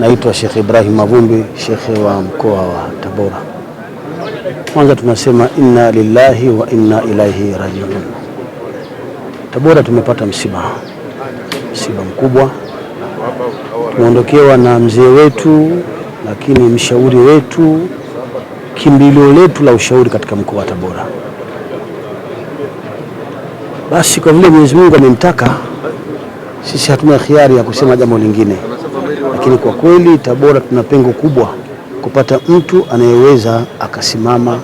Naitwa Sheikh Ibrahim Mavumbi, shekhe wa mkoa wa Tabora. Kwanza tunasema inna lillahi wa inna ilaihi rajiun. Tabora tumepata msiba, msiba mkubwa. Tumeondokewa na mzee wetu, lakini mshauri wetu, kimbilio letu la ushauri katika mkoa wa Tabora. Basi kwa vile Mwenyezi Mungu amemtaka, sisi hatuna khiari ya kusema jambo lingine lakini kwa kweli Tabora tuna pengo kubwa kupata mtu anayeweza akasimama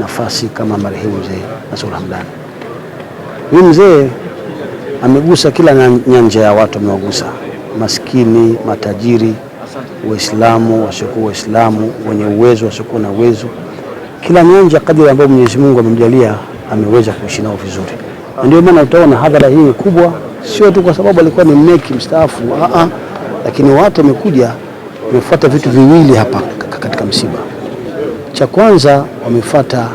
nafasi kama marehemu mzee Nasur Hamdan. Huyu mzee amegusa kila nyanja ya watu, amewagusa maskini, matajiri, Waislamu, wasiokuwa Waislamu, wenye uwezo, wasiokuwa na uwezo, kila nyanja, kadiri ambayo Mwenyezi Mungu amemjalia ameweza kuishi nao vizuri, na ndio maana utaona hadhara hii kubwa, sio tu kwa sababu alikuwa ni meki mstaafu, a lakini watu wamekuja wamefuata vitu viwili hapa katika msiba. Cha kwanza wamefuata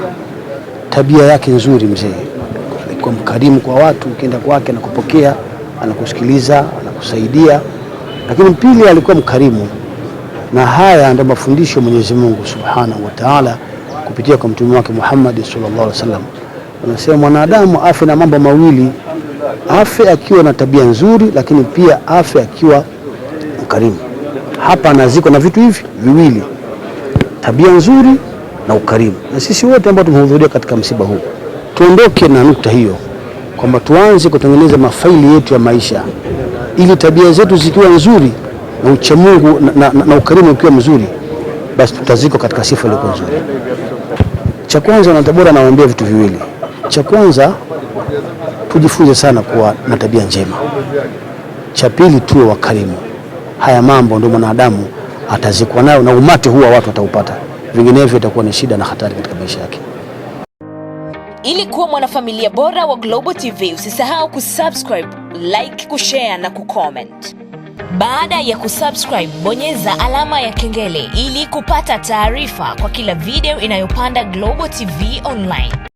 tabia yake nzuri, mzee alikuwa mkarimu kwa watu, ukienda kwake anakupokea, anakusikiliza, anakusaidia. Lakini pili, alikuwa mkarimu, na haya ndio mafundisho Mwenyezi Mungu Subhanahu wa Ta'ala kupitia kwa mtume wake Muhammad sallallahu alaihi wasallam. Anasema mwanadamu afe na mambo mawili, afe akiwa na tabia nzuri, lakini pia afe akiwa ukarimu. Hapa anazikwa na vitu hivi viwili, tabia nzuri na ukarimu. Na sisi wote ambao tumehudhuria katika msiba huu tuondoke na nukta hiyo kwamba tuanze kutengeneza mafaili yetu ya maisha, ili tabia zetu zikiwa nzuri na uchamungu na, na, na ukarimu ukiwa mzuri, basi tutazikwa katika sifa iliyokuwa nzuri. Cha kwanza, Tabora nawaambia vitu viwili. Cha kwanza tujifunze sana kuwa na tabia njema. Cha pili tuwe wakarimu haya mambo ndio mwanadamu atazikwa nayo na umati huwa watu ataupata vinginevyo itakuwa ni shida na hatari katika maisha yake. Ili kuwa mwanafamilia bora wa Global TV, usisahau kusubscribe, like, kushare na kucomment. Baada ya kusubscribe, bonyeza alama ya kengele ili kupata taarifa kwa kila video inayopanda Global TV Online.